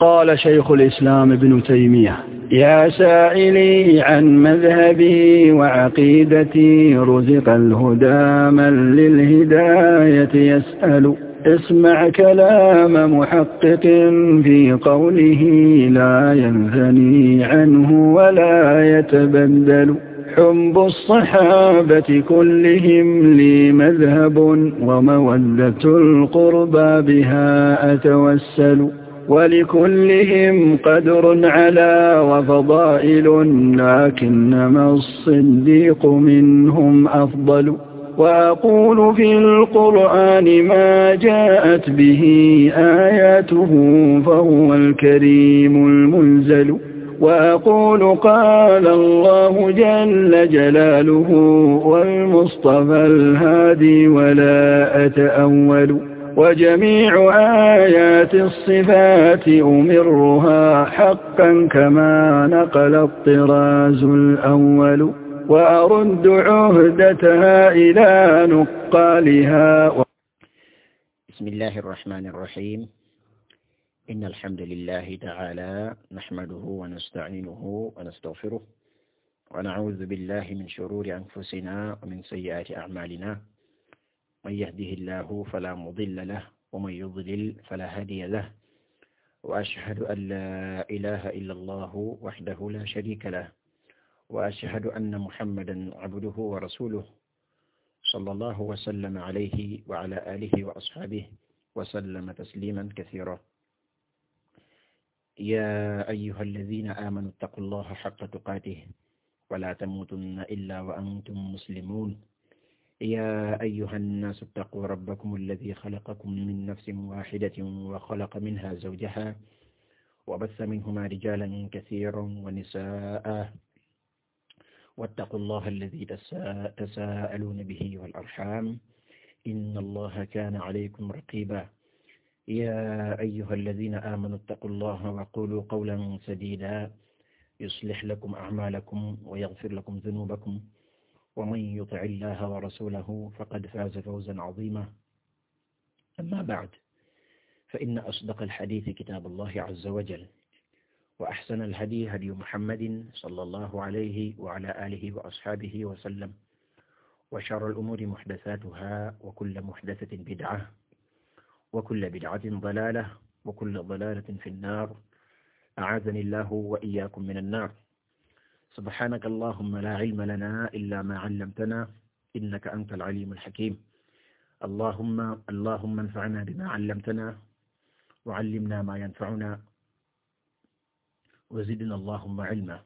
قال شيخ الإسلام ابن تيمية يا سائلي عن مذهبي وعقيدتي رزق الهدى من للهداية يسأل اسمع كلام محقق في قوله لا ينثني عنه ولا يتبدل حب الصحابة كلهم لي مذهب ومودة القربى بها أتوسل ولكلهم قدر على وفضائل لكنما الصديق منهم أفضل وأقول في القرآن ما جاءت به آياته فهو الكريم المنزل وأقول قال الله جل جلاله والمصطفى الهادي ولا أتأول وجميع آيات الصفات أمرها حقا كما نقل الطراز الأول وأرد عهدتها إلى نقالها و... بسم الله الرحمن الرحيم إن الحمد لله تعالى نحمده ونستعينه ونستغفره ونعوذ بالله من شرور أنفسنا ومن سيئات أعمالنا من يهده الله فلا مضل له ومن يضلل فلا هادي له وأشهد أن لا إله إلا الله وحده لا شريك له وأشهد أن محمدا عبده ورسوله صلى الله وسلم عليه وعلى آله وأصحابه وسلم تسليما كثيرا يا أيها الذين آمنوا اتقوا الله حق تقاته ولا تموتن إلا وأنتم مسلمون يا أيها الناس اتقوا ربكم الذي خلقكم من نفس واحدة وخلق منها زوجها وبث منهما رجالا كثيرا ونساء واتقوا الله الذي تساءلون به والأرحام إن الله كان عليكم رقيبا يا أيها الذين آمنوا اتقوا الله وقولوا قولا سديدا يصلح لكم أعمالكم ويغفر لكم ذنوبكم ومن يطع الله ورسوله فقد فاز فوزا عظيما أما بعد فإن أصدق الحديث كتاب الله عز وجل وأحسن الهدي هدي محمد صلى الله عليه وعلى آله وأصحابه وسلم وشر الأمور محدثاتها وكل محدثة بدعة وكل بدعة ضلالة وكل ضلالة في النار أعاذني الله وإياكم من النار subhaanaka allahumma laa ilma lanaa illaa maa allamtanaa innaka anta al-aliimu al-hakiim allahumma allahumma anfa'naa bimaa allamtanaa wa 'allimnaa maa yanfa'unaa wa zidnaa allahumma 'ilmaa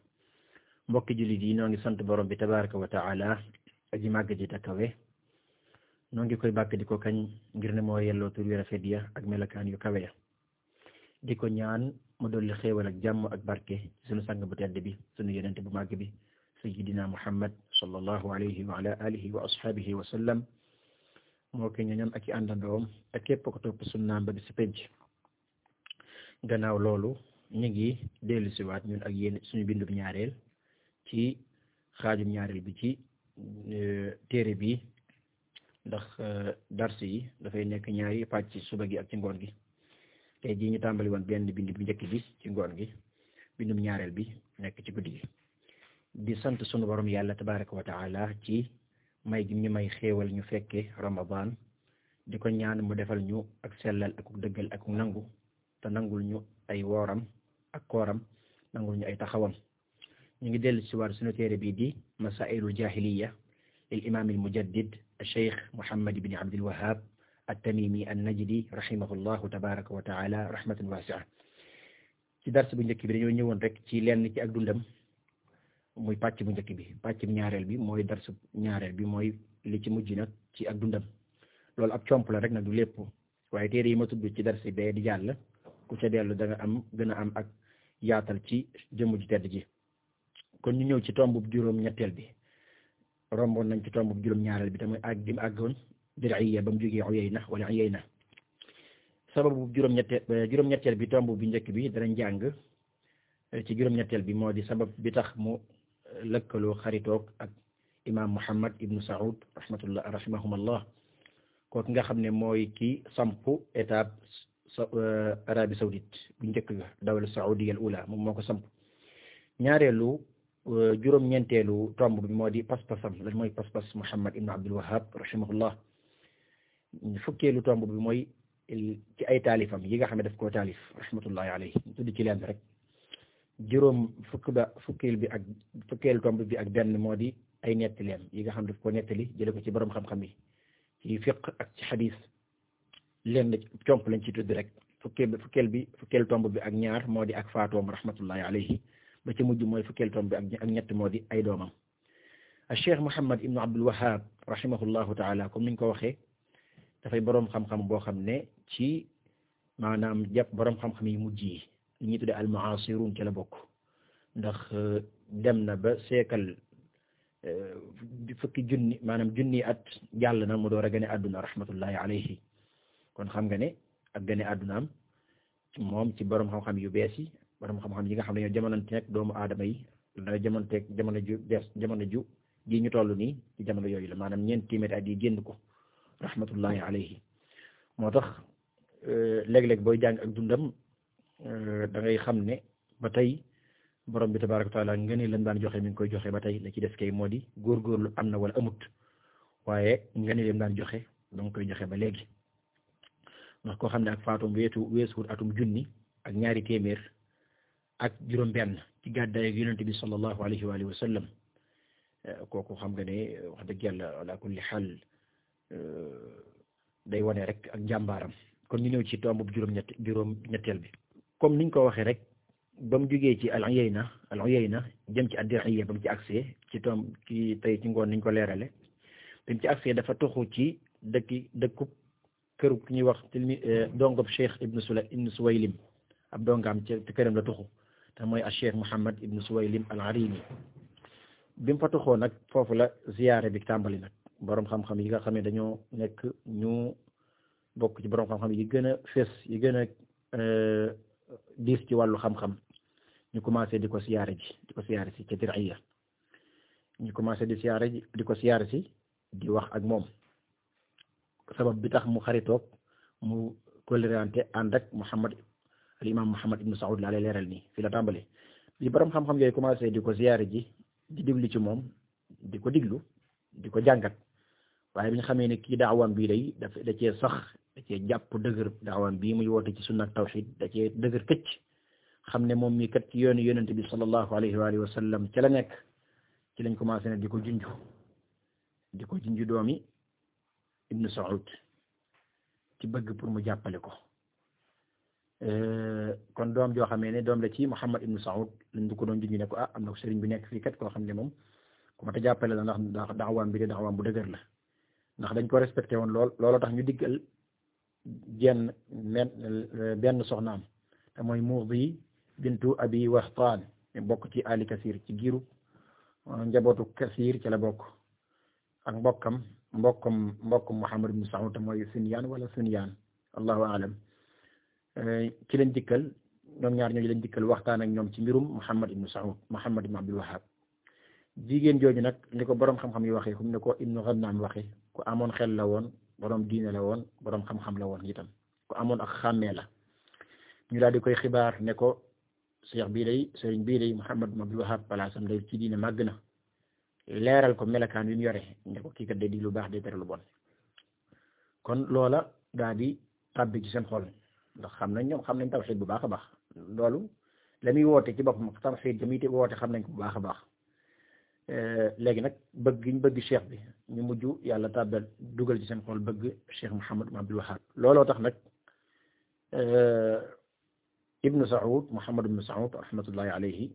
mbokki jullit yi noo ngi sant borom bi tabaaraka wa ta'aala aji màgg ji takawe noo ngi koy bàkk di ko kañ ngir ne moo yelloo tur yu rafet ya ak melakaan yu kawe ya di ko ñaan mu dolli xéewal ak jàmm ak barke ci sunu sang bu tedd bi sunu yonente bu màgg bi sayyidina muhammad sallallahu alayhi wa ala alihi wa ashabihi wa sallam moo ko ñoñam ak i àndandoom ak képp ko topp sunnaam ba ci penc gannaaw loolu ñu ngi dellu siwaat ñun ak yéen suñu bindum ñaareel ci xaajum ñaareel bi ci e, téere bi ndax e, dars yi dafay nekk ñaari pàcc ci suba gi ak ci ngoon gi tey jii ñu tàmbali woon benn bind bu njëkk bi ci ngoon gi bindum ñaareel bi nekk ci guddi di sant sunu borom yàlla tabaraka wa taala ci may gi ñu may xéewal ñu fekke ramadan di ko ñaan mu defal ñu ak sellal ak dëggal ak nangu te nangul ñu ay wooram ak kooram nangul ñu ay taxawam ñu ngi dellu si waar sunu téere bii di masailul jahiliya lil imam al mujaddid al cheikh Muhammad ibn Abdul at-Tamimi an-Najdi rahimahullahu tabaraka wa taala rahmatan wasi'a ci dars bu njëkk bi dañoo ñëwoon rek ci lenn ci ak dundam muy pàcc bu njëkk bi pàcc bu ñaareel bi mooy darsu ñaareel bi mooy li ci mujj nag ci ak dundam loolu ab comp la rek nag du lépp waaye téere yi ma tudd ci darsi bee di jàll ku ca dellu da nga am gën a am ak yaatal ci jëmm ju tedd ji kon ñu ñëw ci tombub juróom ñetteel bi romboon nañ ci tombub juróom ñaareel bi tamit ak dir'iyya ba mu jógee Uyayna wala Uyayna sababu juróom-ñette eh, ñetteel bi tomb bi njëkk bi dara njàng eh, ci juróom-ñetteel bi moo di sabab bi tax moo eh, lakkaloo xaritoog ak imaam Muhammad ibnu Saoud rahmatullah rahimahumallah kooku nga xam ne mooy ki sampu étape saw saoudite bu njëkk ga dawla saoudiya al-ula moom moo ko samp ñaareelu juróom-ñeenteelu tomb bi moo di pas-pasam lan mooy pas-pas Muhammad ibnu Abdul Wahhab rahimahullah fukkeelu tomb bi mooy ci ay taalifam yi nga xam ne daf koo taalif rahmatullahi alayhi tudd ci leen rek juróom fukk ba fukkeel bi ak fukkeelu tomb bi ak benn moo di ay leen yi nga xam daf koo nettali jële ko ci borom xam-xam yi ci fiq ak ci xadis leen comp lañ ci tudd rek fukkeel bi fukkeel bi fukkeel tomb bi ak ñaar moo di ak faatoom rahmatullahi alayhi ba ci mujj mooy fukkeel tomb bi ak ñett moo di ay doomam a cheikh Muhammad ibnu Abdul Wahhab rahimahullahu taala comme niñ ko waxee dafay boroom xam-xam boo xam ne ci maanaam jàpp boroom xam-xam yi mujj yi li ñuy tuddee al-mu'asirun ci la bokk ndax euh, dem na ba seekal euh, fukki junni maanaam junni at jàll na mu door a gane àdduna rahmatullahi alayhi kon xam nga ne ak gane àddunaam moom ci boroom xam-xam yu bees yi boroom xam-xam yi nga xam ne ñoo jamonanteeg doomu aadama yi da jamonanteeg jamono ju bees jamono ju ji ñu toll nii ci jamono yooyu la maanaam ñeent téeméer at yi génn ko rahmatullahi alayhi moo tax euh, léeg-léeg booy jàng ak dundam euh, da ngay xam ne ba tey borom bi tabaaraka wa taala nga joxe mi ngi koy joxe ba tey la ci des kay moo di góorgóorlu am na wala amut waaye nga ne leen daan joxe da koy joxe ba léegi ndax koo xam ne ak faatum weetu weesuwut atum junni ak ñaari téeméer ak juróom-benn ci gàddaay ak yonent bi sallallahu alayhi wa sallam euh, kooku xam nga ne wax dëgg yàlla ala kulli xaal Euh, day wone rek ak njàmbaaram kon ñu ñëw ci tomb juróom juróom ñetteel bi comme niñ ko waxee rek ba mu jugee ci al Uyayna al Uyayna jëm ci ad-Dir'iyya ba mu ci agsee ci tomb ci tey ci ngoon niñ ko leerale ba mu ci agsee dafa toxu ci dëkki dëkku këru ki ñuy wax tilmi euh, dongob Cheikh Ibn Sula Ibn Suwaylim ab dongaam ci këram la toxu te mooy a Cheikh Muhammad Ibn Suwaylim al-Harimi bi mu fa toxoo nag foofu la ziyaare bi tàmbali nag borom xam-xam yi nga xam ne dañoo nekk ñu bokk ci borom xam-xam yi gën a fees yi gën a euh, diis ci wàllu xam-xam ñu commencé di ko siyaare ji di ko siyaare ñu commencé di siyaare ji di ko siyaare si di wax ak moom sabab bi tax mu xaritoog mu colléranté ànd ak Muhammad al imam Muhammad ibn Saoud laa lay leeral nii fi la tàmbali bi borom xam-xam yooyu commencé di ko siyaare ji di diglu ci moom di ko diglu di ko jàngat waaye bi ñu xamee ne kii daawaam bii day daf da cee sax da cee jàpp dëgër daawaam bii muy woote ci sunna tawxiid da cee dëgër këcc xam ne moom mii kat ci yoonu yonent bi sallallahu wa alihi wa sallam la nekk ci lañ commencé ne di ko junj di ko junj doomi Ibn Saoud ci bëgg pour mu jàppale ko euh, kon doom joo xamee ne doom la ci Muhammad Ibn Saoud lañ du ko doon junj ne ko ah am na ko sëriñ nekk fii kat koo xam ne moom ku ma ta jàppale la ndax daawaam bi de daawaam bu dëgër la ndax dañ ko respecté woon lool looloo tax ñu diggal jenn benn soxnaam te mooy Mughdi bintu Abi Wahtaan bokk ci Ali Kasir ci giiru euh, njabootu Kasir ci la bokk ak mbokkam mbokkam mbokkum Muhammad ibn Sa'ud te mooy Sunyaan wala Sunyaan allahu a'lam euh, ci lañ dikkal ñoom ñaar ñooñu lañ dikkal waxtaan ak ñoom ci mbirum Muhammad ibn Sa'ud Muhammad ibn Abdul Wahhab jigéen jooju nag li ko boroom xam-xam yi waxee comme ni ko Ibn Ghanam waxee ko amoon xel la woon borom diine la woon borom xam-xam la woon itam ku amoon ak xàmmee la ñu daal di koy xibaar ne ko cheikh bii day sëriñ bii day Muhammad ibn Abdul Wahhab palaasam day ci diine màgg na leeral ko melakaan yu mu yore ne ko kii kat day di lu baax day tere lu bon kon loola daal di tàbbi ci seen xol ndax xam nañ ñoom xam nañ tawxiid bu baax a baax loolu la muy woote ci boppam tawxiid jamiite woote xam nañ ko bu baax a baax Eh, léegi nag bëgg ñu bëgg cheikh bi ñu mujj yàlla tàbbal dugal ci seen xol bëgg cheikh Mouhamed ibn Abdul Wahhab looloo tax nag eh, Ibn Saoud Mouhamed ibn Saoud rahmatullahi alayhi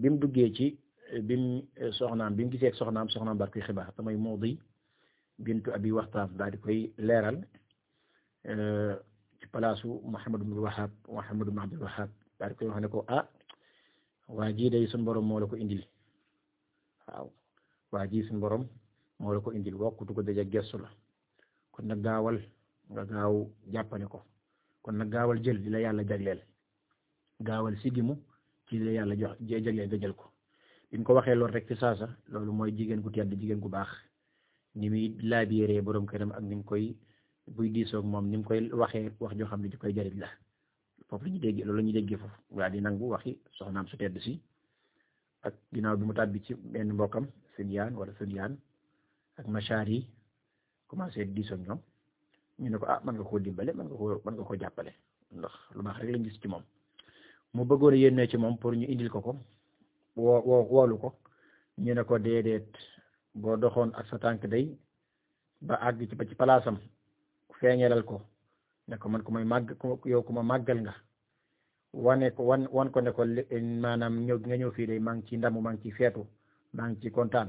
bi mu duggee ci eh, bim soxnaam bi mu gisee ak soxnaam soxnaam daal koy xibaar damay Mawdi bintu Abi Waxtaan daal di koy leeral ci palaasu Mouhamed mu Wahhab Mouhamed ibn Abdul Wahhab daal koy wax ne ko ah waa jii day sunu borom moo la ko indil. waaw waa ji suñu borom moo la ko indil wokkutu ko daja gestu la kon nag gaawal nga gaaw jàppale ko kon nag gaawal jël di la yàlla jagleel gaawal si sigimu ci la yàlla jox jagleel nga jël ko bi ko waxee loolu rek ci saasa loolu mooy jigéen gu tedd jigéen gu baax ni muy laabiree borom këram ak ni mu koy buy diisoog moom ni mu koy waxee wax joo xam ne di koy jariñ la foofu la ñu dégg loolu la ñu déggee foofu waa di nangu waxi soxnaam su tedd si ak ginnaaw bi mu tàbbi ci benn mbokkam Sudyaan wala Sudyaan ak machaar yi commencé diisoog ñoom ñu ne ko ah man nga koo dimbale man nga ko mën nga koo jàppale ndax lu baax rek lañ gis ci moom mu bëggoon a ci moom pour ñu indil ko ko woo woo woolu ko ñu ne ko déedéet boo doxoon ak sa tànk day ba àgg ci ba ci palaasam feeñalal ko ne ko man ku may màgg yow ku ma màggal nga wane ko wan wan ko ne ko maanaam ñëw nga ñëw fii de maa ngi ci ndamu maa ngi ci feetu maa ngi ci kontaan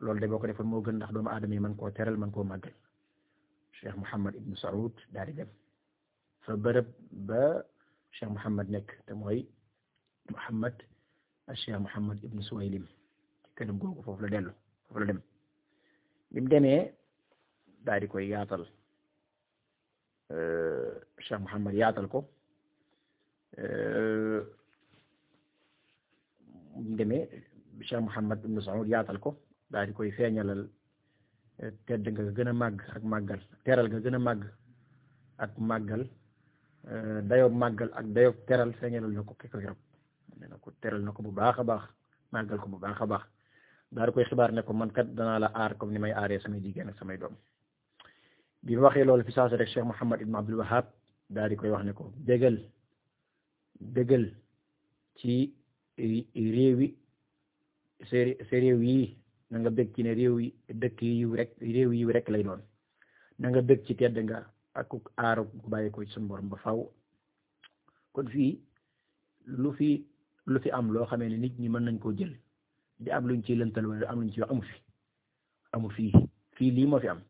loolu de boo ko defoon moo gën ndax doomu adama yi man ko teral man koo màggal Cheikh Mouhamed Ibn Saoud daal di dem fa bërëb ba Cheikh Mouhamed nekk te mooy Mouhamed ak Cheikh Mouhamed Ibn Suwaylim ci këram googu foofu la dellu foofu la dem bi mu demee daal di koy yaatal euh, Cheikh Mouhamed yaatal ko. ñu demee Cheikh Mouhammad ibn Saoud yaatal ko daal di koy feeñalal eh, tedd nga gën a màgg ak màggal teral nga gën a màgg ak màggal eh, dayoob màggal ak dayoob teral feeñalal na ko keko yorop na ko teral na ko bu baax a baax màggal ko bu baax a baax daal di koy xibaar ne ko man kat danaa la aar comme ni may aaree samay jigéen ak samay doom bi mu waxee loolu fi saasa rek Cheikh Mouhammad ibn Abdul Wahhab daal koy wax ne ko dégal dëggal ci eh, réew yi sa yi na nga bëgg ci ne réew yi dëkk yi rek réew yi rek lay doon na nga bëgg ci tedd nga ak aar gu bàyyi ko ci suñu borom ba faw kon fii lu fi lu fi am loo xamee ne nit ñi mën nañ koo jël di am luñ ciy lëntal wala am luñ ci amu fi amu fii fii lii moo fi am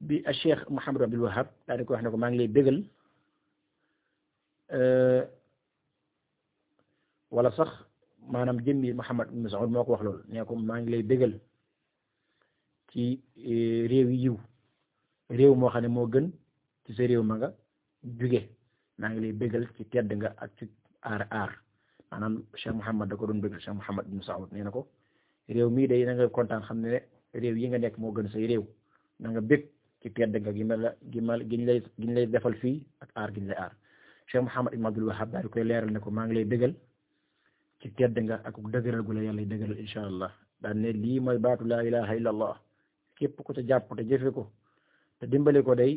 bi a Cheikh Mouhamadou Abdul Wahab daa di ko wax ne ko maa ngi lay bégal euh, wala sax maanaam jëmmi Muhammad ibn Mas'ud moo ko wax lool nee ko maa ngi lay bégal ci e, réew yi yiw réew moo xam ne moo gën ci sa réew ma nga jóge maa ngi lay bégal ci tedd nga ak ci aar aar maanaam Cheikh Muhammad da nee na ko réew mii day na nga kontaan xam ne réew yi nga nekk moo gën réew na nga bég ci tedd nga gi ma la gi ma giñ lay defal fii ak aar giñ lay aar Cheikh Muhammad ibn Abdul Wahhab daal koy leeral ne ko maa ngi lay bégal ci tedd nga ak dëgëral gu la yàlla dëgëral incha allah daan ne lii mooy baatu laa ilaha illa allah képp ku ca jàpp te jëfe ko te dimbali ko day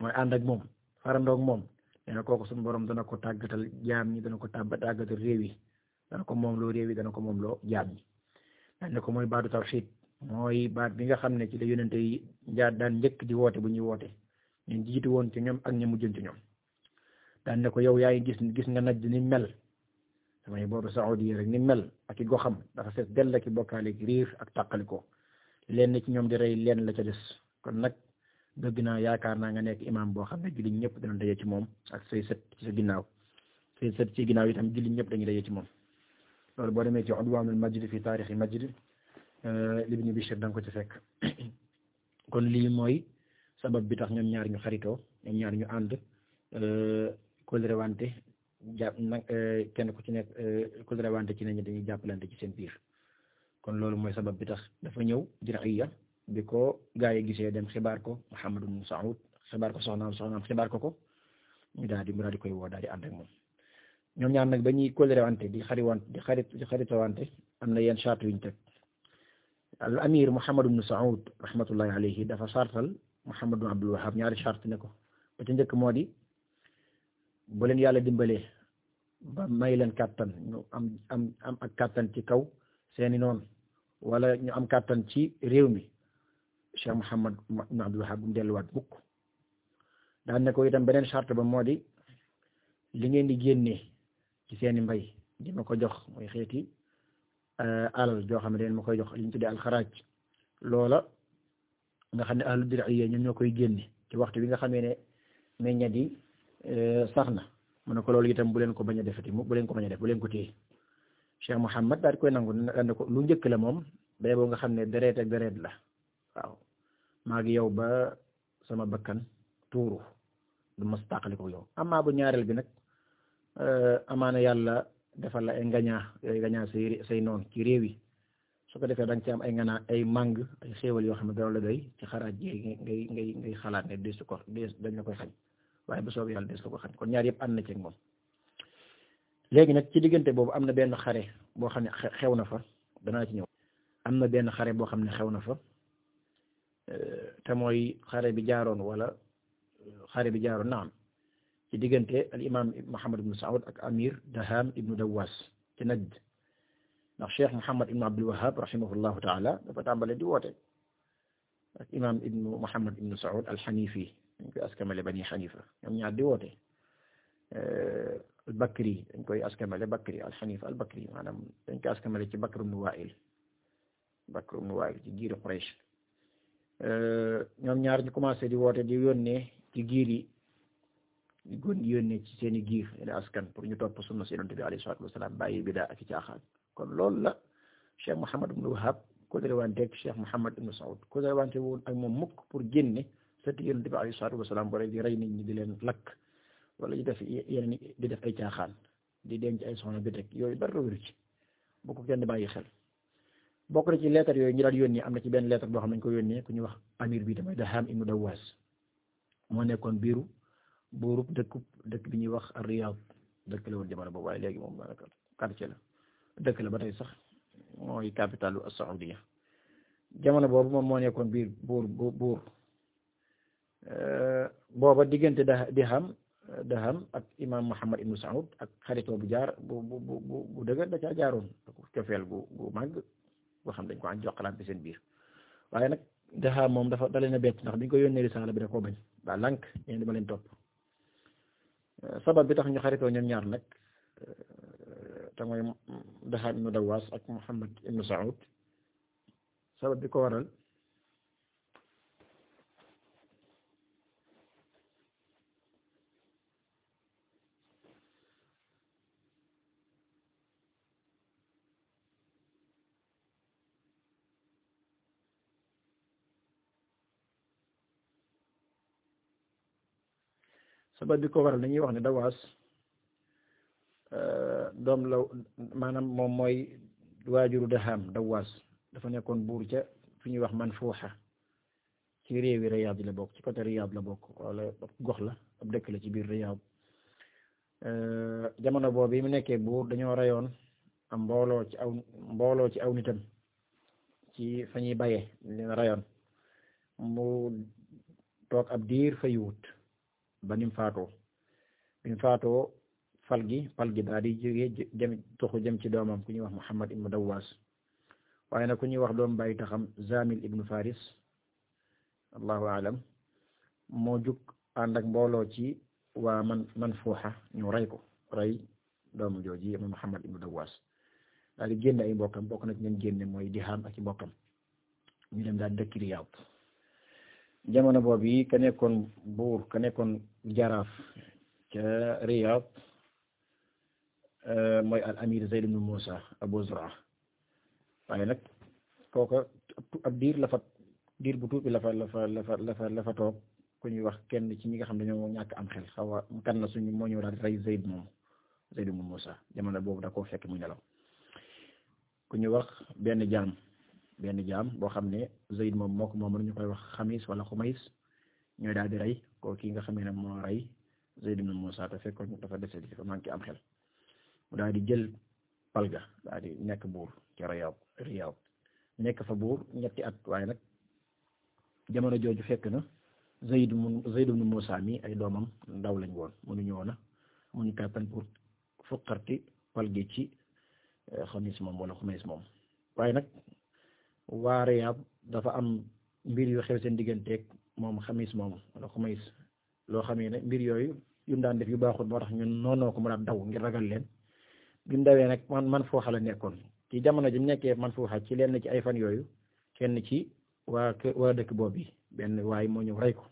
mooy ànd ak moom farandoog moom kooku suñu borom dana ko tàggatal jaam ñi dana ko tàbb tàggatal réew yi dana ko moom loo réew yi dana ko moom loo jaam ñi daan ne ko mooy baatu tawxiid mooy baat bi nga xam ne ci la yonente yi jaar daan njëkk di woote bu ñuy woote ñu jiitu woon ci ñoom ak ña mujjoon ci ñoom daan ne ko yow yaa ngi gis gis nga naj mel samay booru Saoudia rek ni mel ak i goxam dafa seet dell ak i bokkaale gi riir ak tàqaliko lenn ci ñoom de rey lenn la ca des kon nag bëgg naa yaakaar naa nga nekk imaam boo xam ne jullit ñëpp dana daje ci moom ak say ci sa ginnaaw say sët ci ginnaaw itam jullit ñëpp dañuy daje ci moom loolu boo demee ci Udwaanul Majd fi taarixi Majd euh, Ibn Bishr da nga ko ci fekk kon lii mooy sabab bi tax ñoom ñaar ñu xaritoo ñoom ñaar ñu ànd euh, kóllëre wante jàpp nag euh, kenn ku ci nekk euh, ku rawante ci nañu dañuy jàppalante ci seen biir kon loolu mooy sabab bi tax dafa ñëw dirxiya bi ko gaa yi gisee dem xibaar ko Muhammad ibn Saud xibaar ko soxnaam soxnaam xibaar ko ko ñu daal di mu daal di koy woo daal di ànd moom ñoom ñaar nag ba ñuy kóllëreewante di xariwante di xarit di xaritawante am na yenn charte yuñ teg al amir Muhammad ibn Saud rahmatullahi alayhi dafa sartal Muhammad ibn Abdul Wahhab ñaari charte ne ko ba njëkk moo di yàlla dimbalee ba may leen kàttan ñu am am am ak kàttan ci kaw seeni noonu wala ñu am kàttan ci réew mi Cheikh Mouhamad ibn Abdul Wahhab delluwaat mukk daan ne ko itam beneen charte ba moo di li ngeen di génnee ci seeni mbay di ma ko jox mooy xeeti euh, alal joo xam ne dañ ma koy jox liñ tuddee alxaraaj loola nga xam ne ahlu dir'iyya ñoom ñoo koy génne ci waxtu wi nga xamee ne meñña di euh, sax na mu ne ko loolu itam bu leen ko bañ a defati bu leen ko bañ a def bu leen ko téye Cheikh Mouhamed daal di koy nangu ne ko lu njëkk la moom day boo nga xam ne deret ak deret la yow ba sama bakkan tuuru du mas tàqali ko yow ñaareel bi nag euh, amaana yàlla defal la ay ngañaa yooyu ngañaa say say noon ci réew yi su ko defee da nga ay nganaa ay màng ay xéewal yoo xam ne daw la doy ci xaraaj yi ngay ngay xalaat ne deesu ko dees dañ la koy xañ waaye bu soobee yàlla des ko ko xañ kon ñaar na ci ak nag diggante boobu am na benn xare boo xam ne xew na fa danaa ci ñëw am na benn xare boo xam ne xew na fa te mooy xare bi jaaroon wala xare bi jaaroon naam ci diggante al imam Muhammad ibn Saoud ak amir Daham ibn Dawas ci Najd ndax Cheikh Muhammad ibn Abdul Wahhab rahimahullahu taala dafa tàmbale di woote ak imam ibn Muhammad ibn Saoud al Hanifi dañ koy askamale ñoom ñaar di woote euh, al-Bakri dañ koy askamale Bakri al-Xanifa al-Bakri maanaam dañ ci Bakr ibn Wa'il Bakr ibn Wa'il ci giiri Quraysh euh, ñaar ñu commencé di woote di yónnee ci giir yi di gon yónnee ci seen i giir ene askan pour ñu topp sunna si yonent bi alayhi salaatu wasalaam bàyyi bidaa ak caaxaan kon loolu la Cheikh Mouhamed ibn Wahhab ko dérewante ak Cheikh Mouhamed ibn Saoud ko dérewante woon ak moom mukk pour génne sëti di bi alayhi salaatu wasalaam boole di rey nit ñi di leen lakk wala di def yeneen di def ay caaxaan di denc ay soxna bi teg yooyu dara wéru ci bu ko kenn bàyyi xel bokk na ci lettre yooyu ñu daal yónnee am na ci benn lettre boo xam ne ñu ko yónnee ku ñuy wax amir bi damay Dahaam ibnu Dawwaas moo nekkoon biiru buurub dëkk dëkk bi ñuy wax Riyad dëkk la woon jamono boobu waaye léegi moom daanaka la dëkk la ba tey sax mooy capitalu Saudiya jamono boobu moom moo nekkoon biir buur buur Euh, booba diggante dirham dirham ak imam Muhammad ibn Saud ak xaritoo bu jaar bu bu bu bu dëgër da caa jaaroon cofeel gu gu màgg boo xam dañ ko an joxalante seen biir waaye nag dirham moom dafa da leen bett ndax biñ ko yónnee risaala bi da koo bañ daa lànk ñeen dama leen topp euh, sabab bi tax ñu xaritoo ñoom ñaar nag euh, te mooy Dirham ibn Dawaas ak Muhammad ibn Saud sabab bi ko waral sabab bi ko waral dañuy wax ne dawaas euh, doom la maanaam moom mooy waajuru dahaam dawaas dafa nekkoon buur ca fi ñuy wax Manfuuxa ci réewi Riyaad la bokk ci côté Riyaad la bokk wala gox la ab dëkk la ci biir Riyaad euh, jamono boobu mu nekkee buur dañoo rayoon am mbooloo ci aw mbooloo ci aw nitam ci fa ñuy bayee leen rayoon mu toog ab diir fa yuwut ba nim faatoo nim faatoo fal gi fal gi daal di jógee jëm jëm ci doomam ku ñuy wax Muhammad ibnu Dawwaas waaye nag ku ñuy wax doom bàyyi taxam Zamil ibnu Faris allahu alam moo jug ànd ak mbooloo ci waa man man fuuxa ñu rey ko rey doomu jooji yi Muhammad ibnu Dawwaas daal di génne ay mbokkam bokk na ci ñun génne mooy di ak i mbokkam ñu dem daal jamono boobu yi ka nekkoon buur ka nekkoon jaraaf ca euh, mooy al amir Zayd ibn Musa Abu Zura waaye nag kooka ab diir la fa diir bu tuuti la fa la fa la fa toog ku ñuy wax kenn ci ñi nga xam ne ñoo ñàkk am xel xaw a kan na suñu moo ñëw rey Zayd moom Zayd ibn Musa jamono boobu da koo fekk mu nelaw ku wax benn jaam benn jaam boo xam ne Zayd moom moo ko moom ñu koy wax xamis wala xumays ñooy daal di rey ko kii nga xam ne moo rey Zayd ibn Musa te fekkoon dafa dese di dafa manqué am xel mu daal di jël palga daal di nekk buur ci Riyad nekk fa buur ñetti at waaye nag jamono jooju fekk na Zayd mu Zayd ibn Musa mi ay doomam ndaw lañ woon mënuñu woon a mënuñu kàttan pour fuqarti palgi ci eh, xamis moom wala xumays moom waaye nag. waa Riyad dafa am mbir yu xew seen digganteeg moom xamis moomu wala xumays loo xamee ne mbir yooyu yu mu daan def yu baaxul moo tax ñun noonoo ko mu daan daw ngir ragal leen bi mu dawee man man fooxa la nekkoon ci jamono ji mu nekkee man fooxa ci leen ci ay fan yooyu kenn ci waa waa dëkk boobu yi benn waay moo ñëw rey ko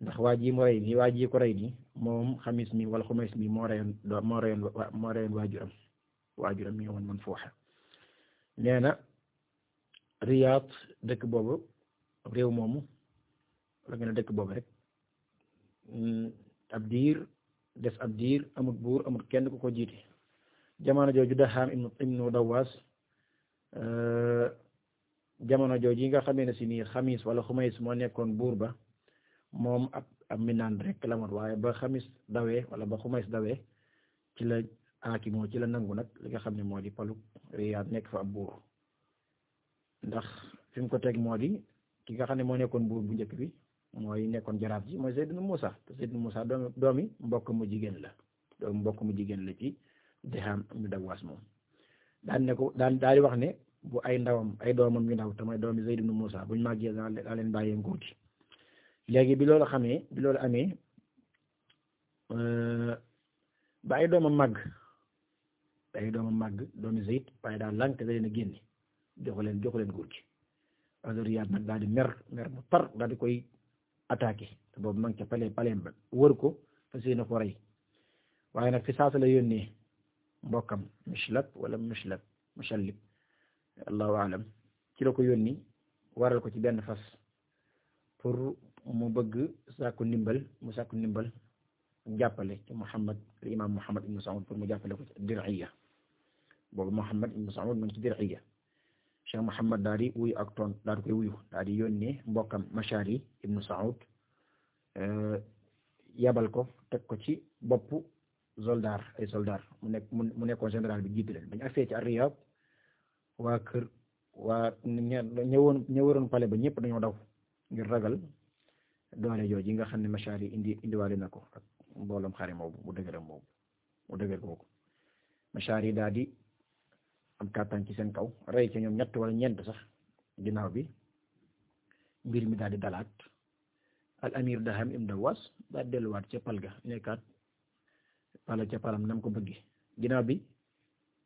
ndax waa jii mu rey nii ko rey nii moom xamis mi wala xumays mi moo reyoon moo reyoon moo reyoon waajuram waajuram mi woon man fooxa nee na Riyad dëkk boobu réew moomu la nga dëkk boobu rek mm, ab diir des ab diir amut buur amut kenn ku ko jiite jamono jooju Dahaam ibnu Dawaas euh, jamono jooju yi nga xamee ne si nii Xamis wala Xumays moo nekkoon buur ba moom ab ab minaan rek la waaye ba Xamis dawee wala ba Xumays dawee ci la aakimoo ci la nangu nag li nga xam ne moo di palu Riyad nekk fa ab buur ndax fi mu ko teg moo di ki nga xam ne moo nekkoon buur bu njëkk bi mooy nekkoon jaraaf ji mooy Seydina Muusa te Seydina Muusa doom doomi mbokk mu jigéen la doomi mbokk mu jigéen la ci Dihaam ñu Dawwaas moom daan ne ko daan daal di wax ne bu ay ndawam ay doomam ñu ndaw tamay doomi Seydina Muusa buñ màggee daa leen bàyyee nguuti léegi bi loolu xamee bi loolu amee euh, ba ay doomam màgg ay doomam màgg doomi Zayd waaye daal lànk da leen a génne joxu leen joxu leen nguur gi Azariyaat nag daal di koy attaqué te boobu man ca pale paleem ba wër ko fas yéene ko rey waaye nag fi saasa la yónnee mbokkam Mishlab wala Mishlab Mushallib allahu alam ci ko yónni waral ko ci benn fas pour mu bëgg sàkku ndimbal mu sàkku ndimbal jàppale ci Muhammad al imam Muhammad ibn Saoud pour mu jàppale ko ci dir'iya boobu Muhammad ibn mu ngi ci Cheikh Mouhamed daal di wuyu ak ton daal di koy wuyu daal di yónnee mbokkam Machari ibnu Saoud euh, yabal ko teg ko ci boppu soldaar ay soldaar mu nekk mu nekkoon général bi jiite leen bañ afee ci Riyad waa kër waa ñëwoon ñëwoon pale ba ñëpp dañoo daw ngir ragal doole jooju nga xam ne Machari indi indiwaale na ko ak mbooloom xare moobu bu dëgëram moobu mu dëgër kooku Machari daal am kàttan ci seen kaw rey ci ñoom ñett wala ñeent sax ginnaaw bi mbir mi daal di dalaat al amir Daham ibn Dawas daal delluwaat ca palga nekkaat pala ca palam nam ko bëgge ginnaaw bi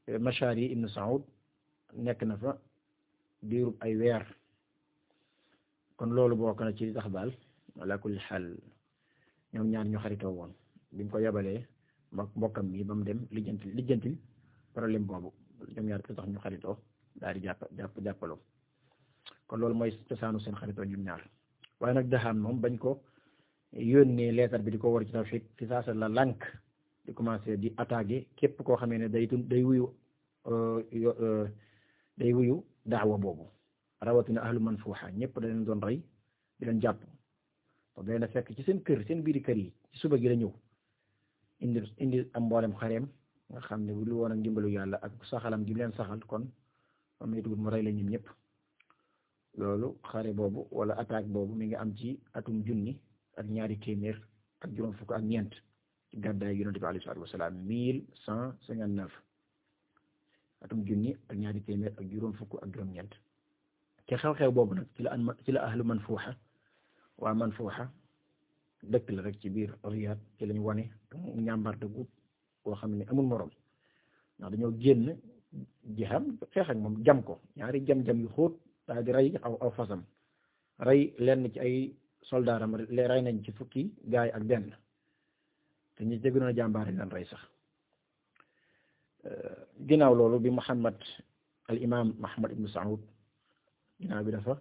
eh, Mashari ibn Saud nekk na fa diirub ay weer kon loolu bokk na ci tax daal ala xaal ñoom ñaar ñu xaritoo woon bi mu ko yabalee mbok mbokkam bi ba mu dem lijjantil lijjantil problème boobu ñoom ñaar tax ñu xaritoo daal di jàpp jàpp jàppaloo kon loolu mooy cosaanu seen xaritoo ñoom ñaar waaye nag daxaan moom bañ ko yónnee leetar bi di ko war ci tawfiq ci saasa la lànk di commencer di attaquer képp koo xamee ne day day wuyu euh, euh, day wuyu daawa boobu rawatina ahlu manfuha ñëpp da leen doon rey di leen jàpp te da leen fekk ci seen kër seen biiri kër yi ci suba gi la ñëw indi indi am mboolem xareem nga xam ne bu lu woon yàlla ak saxalam gi leen saxal kon am na mu rey la ñun ñëpp loolu xare boobu wala attaque boobu mi ngi am ci atum junni ak ñaari téeméer ak juróom fukk ak ñeent ci gàddaay yonent bi alayhi cent cinquante atum junni ak ñaari ak juróom fukk ak juróom ñeent te xew-xew boobu nag ci la an ci la ahlu Manfuuxa waa Manfuuxa dëkk la rek ci biir Riyad ci lañu wane ñàmbarte gu koo xam ne amul morom ndax dañoo génn jiham xeex moom jam ko ñaari jam-jam yu xóot daal di rey aw aw fasam rey lenn ci ay soldaaram rey nañ ci fukki gaa yi ak benn te ñi jegënoon a jàmbaar yi sax euh, ginaaw loolu bi Muhammad al imam Muhammad ibn Saoud ginnaaw bi dafa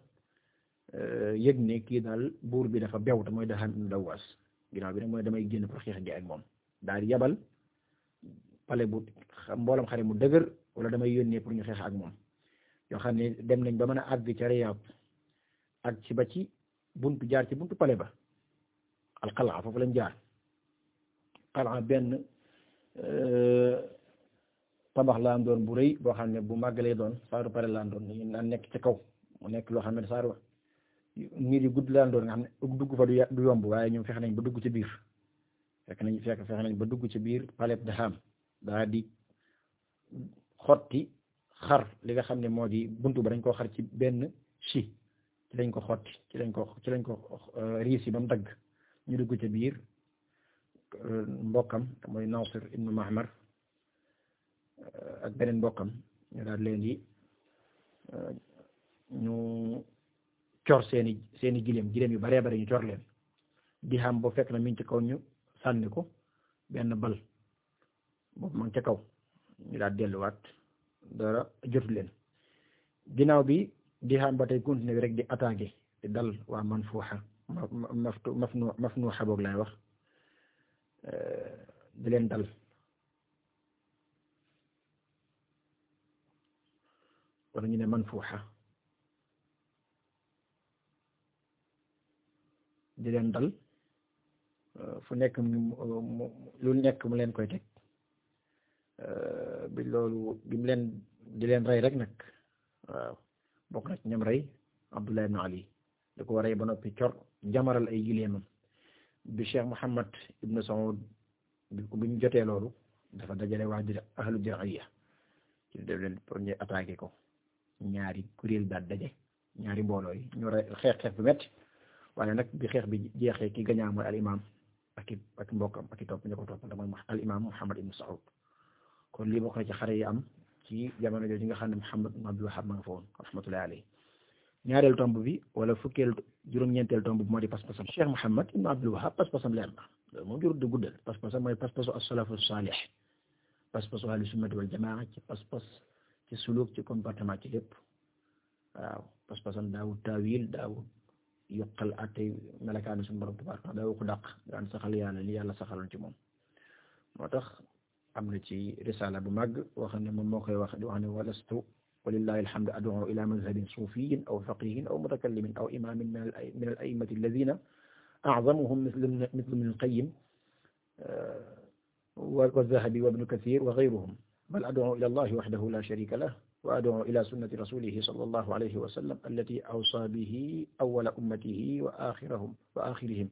euh, yëg ne kii daal buur bi dafa beew te mooy Dahaam ibn Dawaas ginnaaw bi nag mooy damay génn pour xeex ak moom daal yabal pale bu mboolem xare mu dëgër wala damay yónnee pour ñu xeex ak moom yoo xam ne dem nañ ba mën a àgg ca Riyad ak ci ba ci buntu jaar ci buntu pale ba alxalaa foofu lañ jaar xalaa benn euh, tabax la am doon bu rëy boo xam ne bu màgg doon saaru pare la am doon dañu naan nekk ci kaw mu nekk loo xam ne saaru niir yu gudd la am doon nga xam ne dugg fa du yomb waaye ñoom fexe nañ ba dugg ci biir fekk nañ fekk fexe nañ ba dugg ci biir palais de Ham daa di xotti xar li nga xam ne moo di bunt ba dañ koo xar ci benn si ci lañ ko xotti ci lañ ko ci lañ ko euh, riis yi ba mu dagg ñu dugg ci biir euh, mbokkam mooy Nasir ibnu Mahmar euh, ak beneen mbokkam ñu daal leen di ñu cor seeni seeni gileem gileem yu baree bare ñu cor leen di xam boo fekk na min ci kaw ñu sànni ko benn bal boobu ma ngi ca kaw ñu daal delluwaat dara jotu leen ginnaaw bi Dihaam ba tey continuer rek di attaquer di dal waa Manfuuxa maftu mafnu mafnuuxa boog laay wax eh, di leen dal wala ñu ne Manfuuxa di leen dal Euh, fu nekk lu nekk mu leen koy teg euh, bi loolu bi mu leen di leen rey rek nag waaw bokk na ñoom rey Abdullah ibn Ali da ko rey ba noppi cor njamaral ay gileemam bi Cheikh Muhammad ibn Saoud bi ko bi ñu jotee loolu dafa dajale waa di ahlu dir'iyya ci def leen pour ñu attaquer ko ñaari kuréel daal daje ñaari mbooloo yi ñu rey xeex xeex bu metti waaye nag bi xeex bi jeexee ki gañaa mooy al ak i ak mbokkam ak i topp ñu ko topp ndax mooy al imam Muhammad ibn Saud kon lii bokk na ci xare yi am ci jamono jooju nga xam ne Muhammad ibn Abdul Wahhab ma nga fa woon rahmatullahi alayhi ñaareel tomb bi wala fukkeel juróom-ñeenteel tomb bi moo di pas-pasam Cheikh Muhammad ibn Abdul Wahhab pas-pasam leer na loolu moom jurut di guddal pas-pasam mooy pas-pasu as-salafu salih pas-pasu ahlu sunnati wal jamaa ci pas-pas ci suluk ci comportement ci lépp waaw pas-pasam daawul taawil daawul yokkal attey melakaani suñu borom tabaraka daa ko dàq daan saxal yàlla li yàlla saxaloon ci moom moo tax am na ci risala bu màgg woo xam ne moom moo koy wax di wax ne walastu walillahi alhamdu ad'u ila madhabin suufiyin aw faqihin aw mutakallimin aw imamin min al min al a'immati alladhina a'zamuhum mithlu mithlu ibn al-qayyim wa zahabi wa ibn kathir wa ghayruhum bal ad'u ila allahi wahdahu la sharika lahu وأدعو إلى سنة رسوله صلى الله عليه وسلم التي أوصى به أول أمته وآخرهم وآخرهم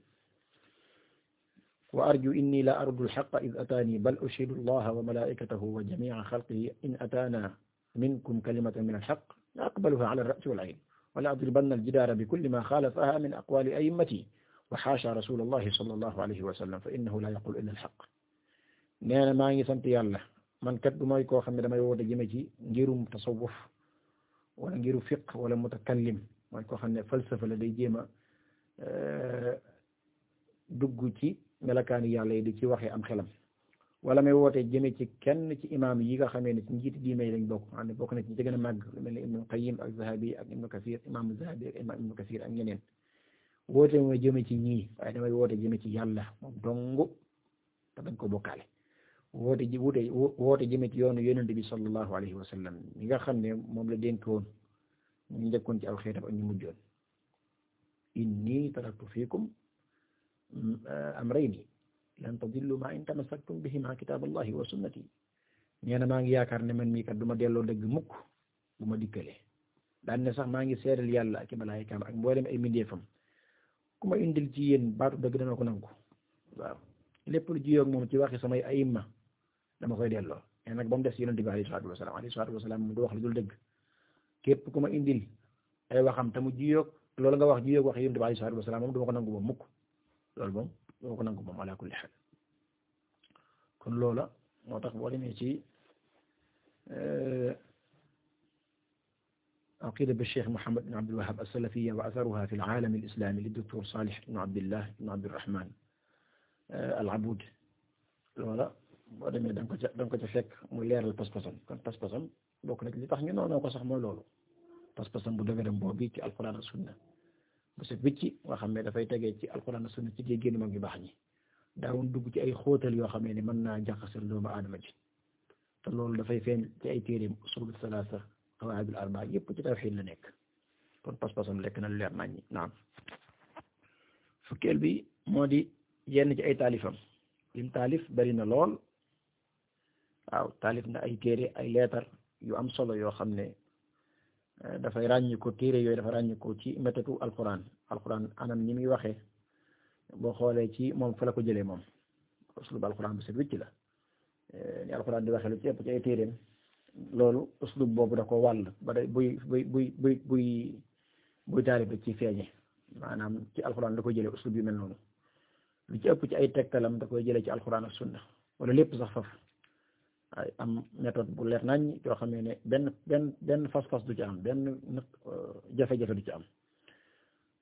وأرجو إني لا أرد الحق إذ أتاني بل أشهد الله وملائكته وجميع خلقه إن أتانا منكم كلمة من الحق لا أقبلها على الرأس والعين ولا أضربن الجدار بكل ما خالفها من أقوال أئمتي وحاشا رسول الله صلى الله عليه وسلم فإنه لا يقول إلا الحق nee na maa ngi sant yàlla man kat du may koo xam ne damay woote jëme ci ngirum tasawuf wala ngiru fiq wala mutakallim mooy koo xam ne falsafa la day jéem a euh, dugg ci melakaani yàlla yi di ci waxee am xelam wala may woote jëme ci kenn ci imaam yi nga xamee ne ci njiiti diine yi lañ bokk na ci gën a màgg lu mel ne Ibnu Qayyim ak Zahabi ak Ibnu Kasir imaam Zahabi ak imaam Ibnu Kasir ak ñeneen woote mooy jëme ci ñii waaye damay woote jëme ci yàlla moom dong te dañ ko bokkaale woote ji wute woote jëme ci yoonu yonent bi sallallahu alayhi wa sallam ñi nga xam ne moom la dénk woon ñu njëkkoon ci aw xeetam ak ñu mujjoon inni taraktu fiikum mm, amrayni lan tadillu ma in tamassaktum bihima kitaballahi wa sunnati nee na maa ngi yaakaar ne man mii kat du delloo dëgg mukk bu ma dikkale daan ne sax maa ngi seedal yàlla ak malaayikaam ak mboolem ay mbindeefam ku ma indil ci yéen baatu dëgg dana ko nangu waaw lépp lu jiyoo ak moom ci waxi samay ayimma dama koy delloo mais nag ba mu des yonent bi alayhi salaatu wasalaam alayhi salaatu wasalaam mu du wax lu dul dëgg képp ku ma indil ay waxam te mu jiyoog loolu nga wax jiyoog wax yonent bi alayhi salaatu wasalaam moom dama ko nangu moom mukk loolu moom dama ko nangu moom ala kulli xaal kon loola moo tax boo demee ci عقيدة بالشيخ محمد بن عبد الوهاب السلفية وأثرها في العالم الإسلامي للدكتور صالح بن عبد الله بن عبد الرحمن العبود loola boo demee da ko ca da nga ko ca fekk mu leeral pas-pasam kon pas-pasam bokk na ci li tax ñu noonoo ko sax mooy loolu pas-pasam bu dëgëram boobu ci alxuraan ak sunna bu set wicci nga xam ne dafay tegee ci alxuraan ak sunna ci géej mag yu baax ñi daawoon dugg ci ay xóotal yoo xam ne ni mën naa jaxase doomu aadama ji te loolu dafay feeñ ci ay téereem usuulu salaasa qawaa'idul arbaa yëpp ci tawhiid la nekk kon pas-pasam lekk na lu leer nañ ñi naam bi moo di yenn ci ay taalifam lim taalif bari na lool waaw taalif na ay téere ay leetar yu am solo yoo xam ne eh, dafay ràññi ko téere yooyu dafa ràññi ci métatu alxuraan alquran anam ñi muy waxee boo xoolee ci moom fa la ko jëlee moom uslub alquran bu set wicc la eh, ni alquran di waxee ay téereem loolu uslub boobu da ko wàll ba day buy buy buy buy buy buy taalif da ci feeñe maanaam ci alquran da koy jëlee uslub yu mel noonu lu ci ëpp ci ay tegtalam da koy jëlee ci alquran ak sunna wala lépp sax faf ay am méthode bu leer nañ yoo xam ne benn benn benn fas-fas du ci ben benn euh, jafe du ci am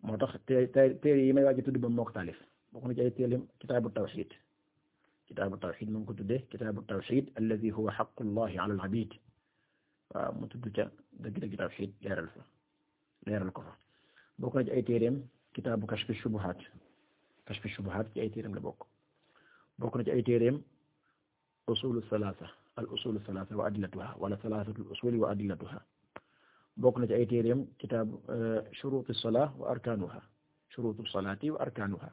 moo tax te te yi may waaj a tudd ba moo ko taalif bokk na ci ay téelim kitaabu tawxiid kitaabu tawxiid mu ngi ko tuddee kitaabu tawxiid alladi huwa xaqullahi ala al-abid waaw mu tudd ca dëgg-dëgg tawxiid leeral fa ko fa bokk na ci ay téereem kitaabu kashfi shubuhaat la bokk bokk na ci ay téereem al usulu salaasa wa adillatuha wala salaasatul usuli wa adillatuha bokk na ci ay téereem kitaab eh, shuruutu salaa wa arkaanuha shuruutu salaati wa arkaanuha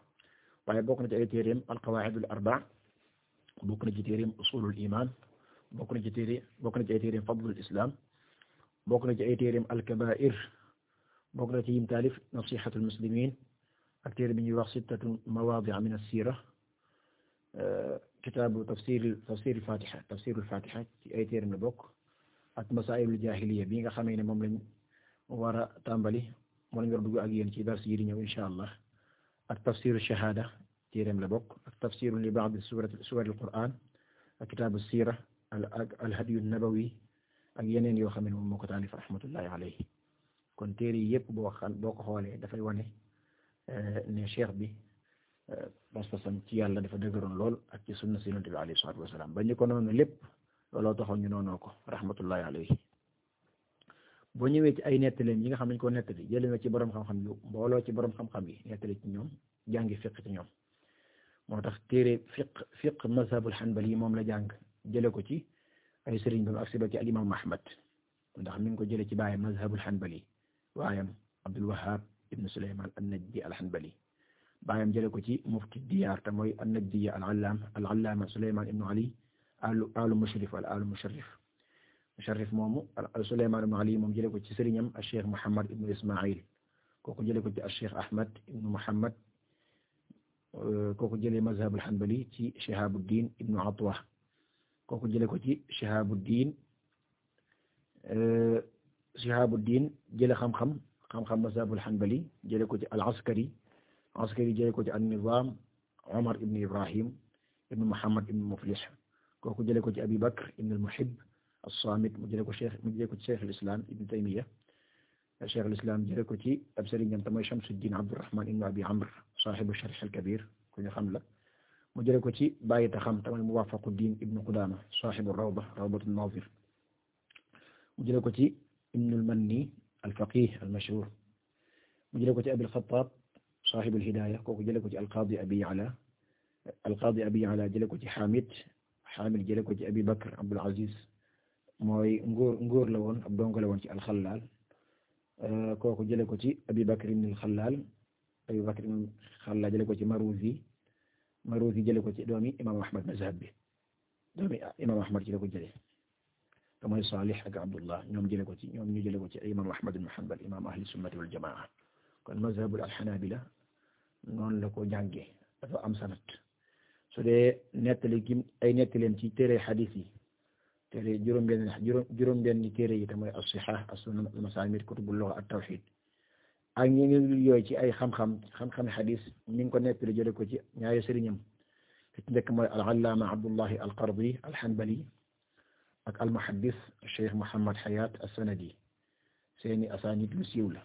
waaye bokk na ci ay téereem al qawaaidul arbaa bokk na ci téereem usulul imaan bokk na ci téere bokk na ci ay téereem fadlul islaam bokk na ci ay téereem al kabaa'ir bokk na ci yim taalif nasihatul muslimiin ak téere bi ñuy wax sittatu mawaadi' min as-siira kitaabu tafsir tafsir al-Fatiha tafsir al-Fatiha ci ay téeram la bokk ak masaa'ilul jaahiliya bi nga xamee ne moom lañ war a tàmbali moom lañ war a dugg ak yéen ci dars yi di ñëw insha allah ak tafsir ash-shahaada téeram la bokk ak tafsir li ba'd surat suwar al-Qur'an ak kitaabu siira ak al-hadyu an-nabawi ak yeneen yoo xam ne moom moo ko taalif rahmatullahi alayhi kon téere yi yëpp boo xam boo ko xoolee dafay wane eh, ne cheikh bi pas-pasam ci yàlla dafa dëgëroon lool ak ci sunna si yonent bi alayhi ba ñu ko noonu lépp looloo taxoon ñu noonoo ko rahmatullahi alayhi boo ñëwee ci ay nettaleen yi nga xam ne ñu ko jëlee ci borom xam-xam yu mbooloo ci borom xam-xam yi nettali ci ñoom jàngi fiq ci ñoom moo tax téere fiq fiq mazhabul hanbali yi moom la jàng jële ko ci ay sëriñ ba mu agsi ba ci al imam ahmad ndax mi ngi ko jële ci bàyyi mazhabul hanbali waayam abdul wahab ibn suleyman an najdi al hanbali baayam jële ko ci mufti diyaar te mooy an-Najdi al-allaam al-allaama Souleymane ibn Ali alu alu mushrif wala alu musharrif musharrif moomu Souleymane ibn Ali moom jële ko ci sëriñam al-Cheikh Mouhamed ibn Ismaïl kooku jële ko ci al-Cheikh Ahmed ibn Mouhamed kooku jëlee mazhab al-Hanbali ci Shihabuddin ibn Atwa kooku jële ko ci Shihabuddin Shihabuddin jële xam-xam xam-xam mazhab al-Hanbali jële ko ci al-Askari askari jële ko ci an-Nizaam Omar ibn Ibrahim ibn Muhammad ibn Muflih kooku jële ko ci Abi Bakr ibn al-Muhibb as-Saamit mu jële ko cheikh mu jële ko ci cheikh al-Islam ibn Taymiyya cheikh al-Islam jële ko ci ab sëriñam te mooy Shamsuddin Abdurrahman ibn Abi Amr saahibu Sharh al-Kabir ku ñu xam la mu jële ko ci bàyyi ta xam te mooy Muwaafaquddin ibn Qudaama saahibu Rawda Rawdatu an-Naazir mu jële ko ci ibn al-Manni al-Faqih al-mashhur mu jële ko ci Abi al-Khattab saaxibul hidaaya kooku jëlee ko ci alqaadi abi ala alqaadi abi ala jëlee ko ci Hamid Hamid jëlee ko ci Abi Bakr Abdul Aziz mooy ngóor ngóor la woon ab dongo la woon ci alxalaal kooku jëlee ko ci Abi Bakr ibn alxalaal Abi Bakr ibn alxalaal jëlee ko ci Maruzi Maruzi jëlee ko ci doomi imaamu Ahmad Mazhabi doomi imaamu Ahmad ci la ko jëlee te mooy Saalih ak Abdullah ñoom jëlee ko ci ñoom ñu jëlee ko ci imaamu Ahmad ibn Hanbal imaamu ahli sunnati wal jamaa kon mazhabul alxanabila noonu la ko jànge dafa am sanat su dee nettali kim ay nettaleen ci téere xadiis yi téere juróom-benn juróom-benn téere yi te mooy as-sihah as-sunan al-masamir kutubul lugha at-tawhid ak ñi ngi ci ay xam-xam xam-xam xadiis ñu ko nettali jële ko ci ñaari sëriñam ci njëkk mooy al-allaama abdullahi al-qardi al-hanbali ak al-muhaddis cheikh Muhammad Hayat as-sanadi seeni asanid lu siiw la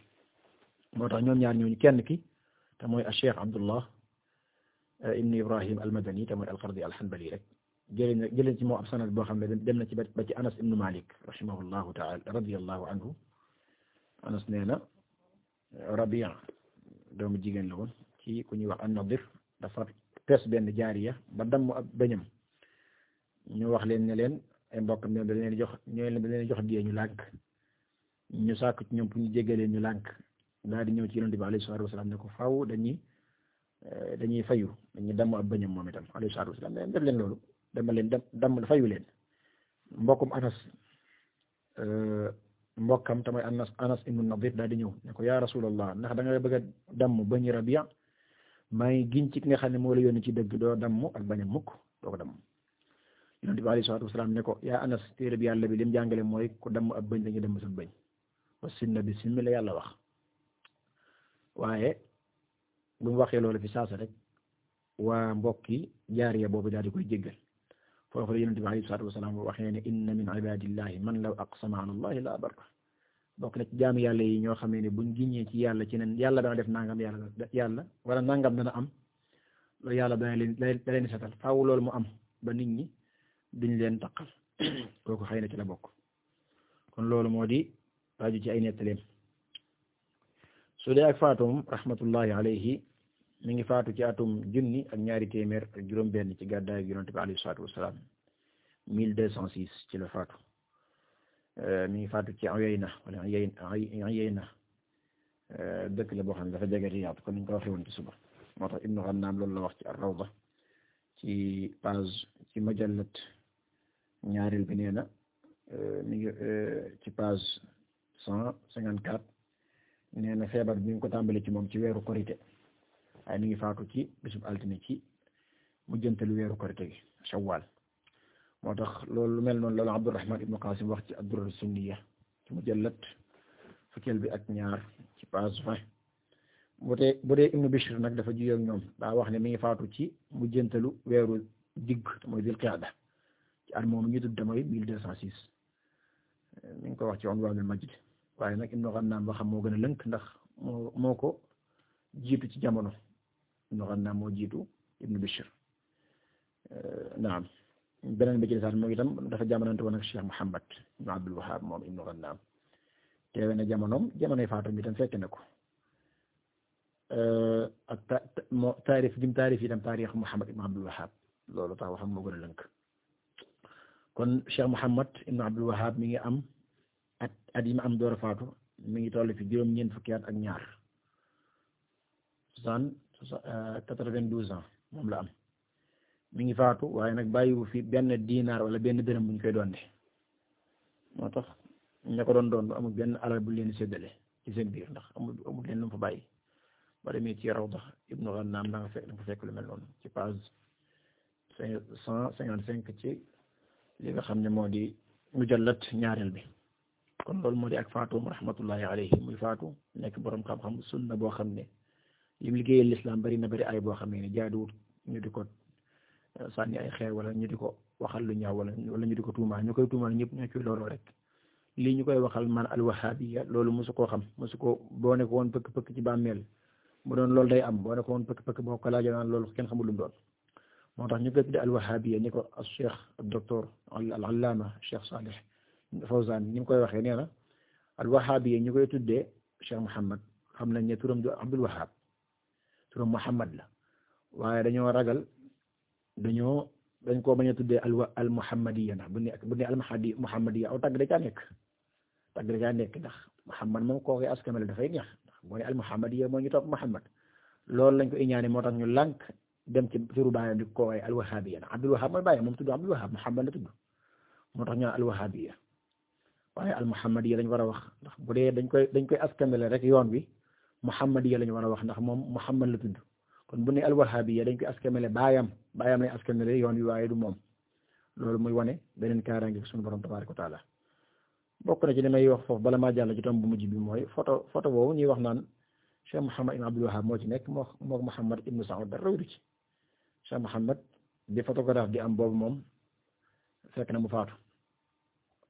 moo tax ñoom ñaar ñooñu kenn ki te mooy Cheikh Abdullah euh, ibn Ibrahim al-Madani te mooy al-Qaradi al-Hanbali rek jëlee na ci moo ab sanad boo xam ne dem na ci ba ci Anas ibn Malik rahimahullahu ta'ala radiyallahu anhu Anas nee na Rabi'a doomu jigéen la woon ci ku ñuy wax an-Nadir dafa tes benn jaariya ba damm ab bañam ñu wax leen ne leen ay mbokkam ñoom dañ leen jox ñooy leen dañ jox diye ñu lànk ñu sàkk ci ñoom pour ñu jéggaleen ñu lànk daal di ñëw ci yonent bi alayhi salaatu wasalaam ne ko faaw dañuy eh, dañuy fayu dañuy damm ab bañam moom itam alayhi salaatu wasalaam leen loolu dama leen damm fayu leen mbokkum Anas eh, mbokkam tamay Anas Anas ibn Nadir daal di ñëw ne ko yaa rasulallah ndax da nga bëgg a damm bañu Rabia maa ngi giñ ci ki nga xam ne moo la yónni ci dëgg doo dam ak bañam mukk doo ko damm yonent bi alayhi salaatu wasalaam ne ko yaa Anas téere bi yàlla bi lim jàngale mooy ku dam ab bañ dañuy damm sa bañ wa sinna yàlla wax waaye bu mu waxee loolu fi saasa rek waa mbokki jaariya boobu daal di koy jéggal foofu la yonent bi alayhi salaatu wasalaam waxee ne inna min ibadillahi man law aqsama ala allahi la abarra bokk na ci jaamu yàlla yi ñoo xamee ne buñ giñee ci yàlla ci nen yàlla dana def nangam yàlla yàlla wala nangam dana am loolu yàlla da leen da leen setal faaw loolu mu am ba nit ñi duñ leen taqal kooku xëy na ci la bokk kon loolu moo di rajo ci ay nettaleem su dee ak faatoom rahmatullahi alayhi mi ngi faatu ci atum junni ak ñaari téeméer ak juróom-benn ci gàddaay ak yonent bi alayhi salaatu wassalaam 1206 ci la faatu euh, mi ngi faatu ci Uyayna wala Uyayna euh, dëkk la boo xam ne dafa jege Riyaad kon ñu ko waxee woon ci suba moo tax Ibnu Ghannaam loolu la wax ci ar-Rawda ci page ci majallat ñaareel bi nee na euh, mi ngi ci page 154 nee feebar bi nga ko tàmbali ci moom ci weeru korite waaye mi ngi faatu ci bisub altine ci weeru korite gi shawwal moo tax loolu lu mel noonu loolu Abdurrahman ibnu Qasim wax ci ad-Durr as mu ci mujallat fukkeel bi ak ñaar ci page vingt bu dee bu dee Ibnu Bishr nag dafa juyoo ak ñoom daa wax ne mi ngi faatu ci mujjantalu weeru digg mooy Dul Qa'da ci at moom ñu tudd mooy mille deux cent six mi ngi ko wax ci Unwaanul Majd waaye nag Ibnu Ghannaam waxam moo gën a lënk ndax moo ko jiitu ci jamono Ibnu Ghannaam moo jiitu Ibnu Bishr euh, naam beneen bi ci desaat moom itam dafa jamonante woon ak Cheikh Muhammad ibn Abdul Wahhab itam fekk na ko euh, moo taarif bi mu taarif itam taarix Muhammad ibn Abdul Wahhab loolu tax waxam moo gën lënk kon Cheikh Muhammad ibn Abdul Wahhab mi ngi am at yi am door a faatu mi ngi toll fi juróom-ñeent fukki ak ñaar soixante euh, quatre vingt moom la am mu ngi faatu waaye nag bàyyiwu fi benn diinaar wala benn dërëm bu ñu koy doonte moo tax ña ko doon doon amul benn alal bu leen séddale ci seen biir ndax amul amul leen lu mu fa bàyyi ba demee ci Rawda Ibnu Ghannaam da nga fekk fekk lu mel noonu ci page cent cinquante cinq ci li nga xam ne moo di mujallat ñaareel bi kon loolu moo di ak faatoom rahmatullahi alayhi muy faatu nekk boroom xam-xam sunna boo xam ne lim liggéeyal lislaam bari na bari ay boo xam ne jaaduwut ñu di ko euh, sànni ay xeer wala ñu di ko waxal lu ñaaw wala wala ñu di ko tuumaal ñu koy tuumaal ñëpp ñoo ciy looloo rek lii ñu koy waxal man alwahabiya loolu mosu koo xam mosu ko boo ne ko woon pëkk pëkk ci bàmmeel mu doon loolu day am boo ne ko woon pëkk pëkk boo ko laajee naan loolu kenn xamul lu mu moo tax ñu koy tuddee alwahabiya ni ko al cheikh docteur al allaama cheikh Salih Fawzan ni mu koy waxee nee na al-Wahhabi yi ñu koy tuddee Cheikh Mouhamed xam nañ ne turam du Abdul Wahhab turam Mouhamed la waaye dañoo ragal dañoo dañ koo tuddee al al Muhammadiyya ndax bu ne bu ne al Muhammadiyya aw tàgg da caa nekk tàgg de caa nekk ndax Mouhamed moom koo koy askan la dafay neex ndax boo ne al Muhammadiyya moo ñu topp Mouhamed loolu lañ ko ñaane moo tax ñu lank dem ci turu baayam di ko waaye al Wahhabiyya Abdul Wahhab mooy baayam moom tudd Abdul Wahhab Mouhamed la tudd moo tax ñu al Wahhabiyya waaye al muhammad yi lañ war a wax ndax bu dee dañ koy dañ koy askanale rek yoon wi muhammad yi lañ war a wax ndax moom muhammad la tudd kon bu ne al wahabi yi dañ koy askanale baayam baayam lañ askanale yoon wi waaye du moom loolu muy wane beneen kaaraange suñu borom tabaaraka wa taala bokk na ci li may wax foofu bala maa jàll ci tomb bu mujj bi mooy photo photo boobu ñuy wax naan Cheikh Mouhamed Ibn Abdul Wahab moo ci nekk moo moo Mouhamed Ibn Saoud dara wéru ci Cheikh Mouhamed bi photographe di am boobu moom fekk na mu faatu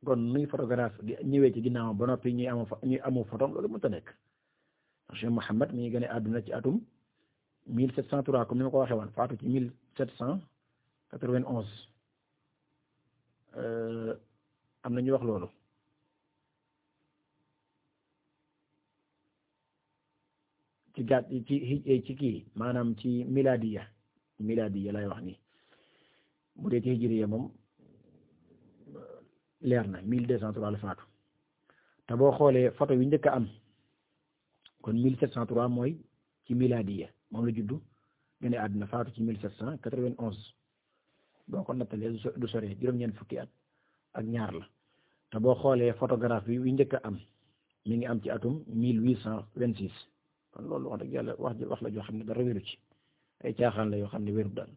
kon nuy photographe di ñëwee ci ginnaaw ba noppi ñuy amoo ñuy amoo photo loolu mënut a nekk ndax Cheikh Mouhamed mi ngi gën a àdduna ci atum 1703 comme ni ma ko waxee woon faatu ci 1791 euh, am na ñu wax loolu. ci gàtt ci kii maanaam ci miladiya miladiya lay wax nii bu dee ci hijriya moom. leer na mille deux cent trois la faatu te boo xoolee photo yu njëkk a am kon mille sept cent trois mooy ci miladiya moom la juddu gën a àdduna faatu ci mille sept cent quatre onze boo ko nattalee du soree juróom-ñeent fukki at ak ñaar la te boo xoolee photographe bi njëkk a am mu ngi am ci atum mille huit cent vingt-six kon loolu wax dëgg yàlla wax wax la joo xam ne dara wéru ci ay caaxaan la yoo xam ne wéru daal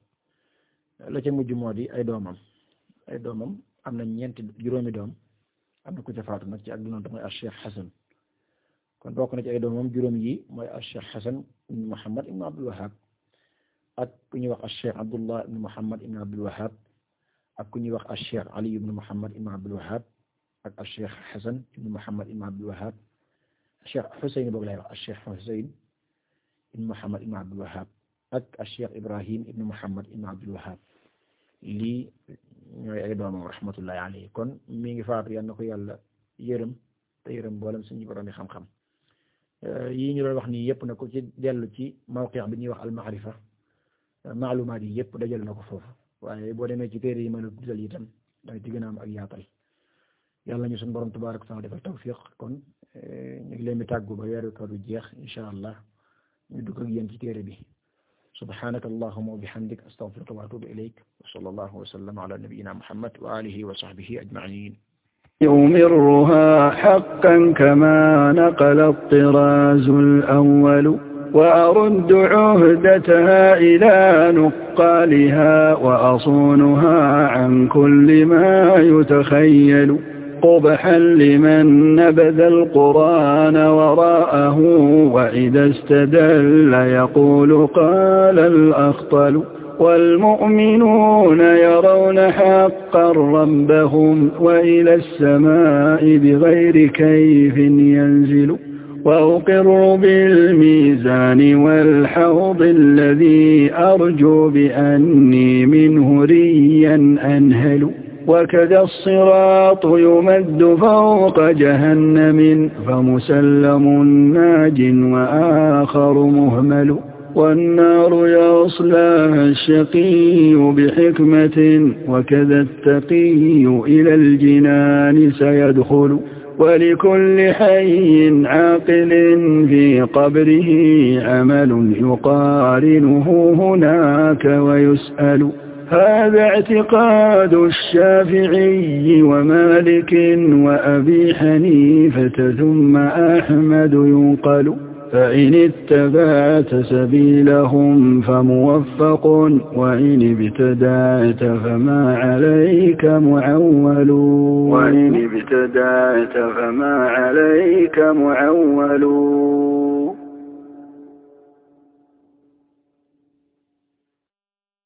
la ca mujj moo di ay doomam ay doomam am na ñeenti juróomi doom am na ku ca faatu nag ci ak duna mooy Cheikh Xasan kon bokk na ci ay doom moom juróom yi mooy Cheikh Xasan ibn Muhammad ibn Abdul Wahhab ak ku ñuy wax Cheikh Abdullah ibn Muhammad ibn Abdul Wahhab ak ku ñuy wax Cheikh Ali ibn Muhammad ibn Abdul Wahhab ak Cheikh Xasan ibn Muhammad ibn Abdul Wahhab Cheikh Xuseyn boog lay wax Cheikh Xuseyn ibn Muhammad ibn Abdul Wahhab ak Cheikh Ibrahim ibn Muhammad ibn Abdul Wahhab lii ñooy ay doomam rahmatullahi alayhi kon mi ngi faatu yal ko yàlla yërëm te yërëm mboolem suñu borom yi xam-xam euh, yii ñu doon wax nii yëpp na ko ci dellu ci mawqi' bi ñuy wax al-ma'rifa euh, maalumaat yi yëpp dajal na ko foofu waaye boo demee ci téere yi mën a dudal tam danga ci gën am ak yaatal yàlla ñu suñu borom tabaaraka wa ta'ala defal tawfiq kon euh, ñu leen di tàggu ba weeru kàddu jeex incha allah ñu dugg ak yéen ci téere bi subhanaka allahumma wa bihamdika astaghfiruka wa atubu ilayk wa sallallahu wa sallam ala nabiyyina muhammad wa alihi wa sahbihi ajma'in يمرها حقا كما نقل الطراز الأول وأرد عهدتها إلى نقالها وأصونها عن كل ما يتخيل قبحا لمن نبذ القرآن وراءه وإذا استدل يقول قال الأخطل والمؤمنون يرون حقا ربهم وإلى السماء بغير كيف ينزل وأقر بالميزان والحوض الذي أرجو بأني منه ريا أنهل وكذا الصراط يمد فوق جهنم فمسلم ناج وآخر مهمل والنار يصلاها الشقي بحكمة وكذا التقي إلى الجنان سيدخل ولكل حي عاقل في قبره أمل يقارنه هناك ويسأل هذا اعتقاد الشافعي ومالك وأبي حنيفة ثم أحمد ينقل فإن اتبعت سبيلهم فموفق وإن ابتدعت فما عليك معول وإن ابتدعت فما عليك معول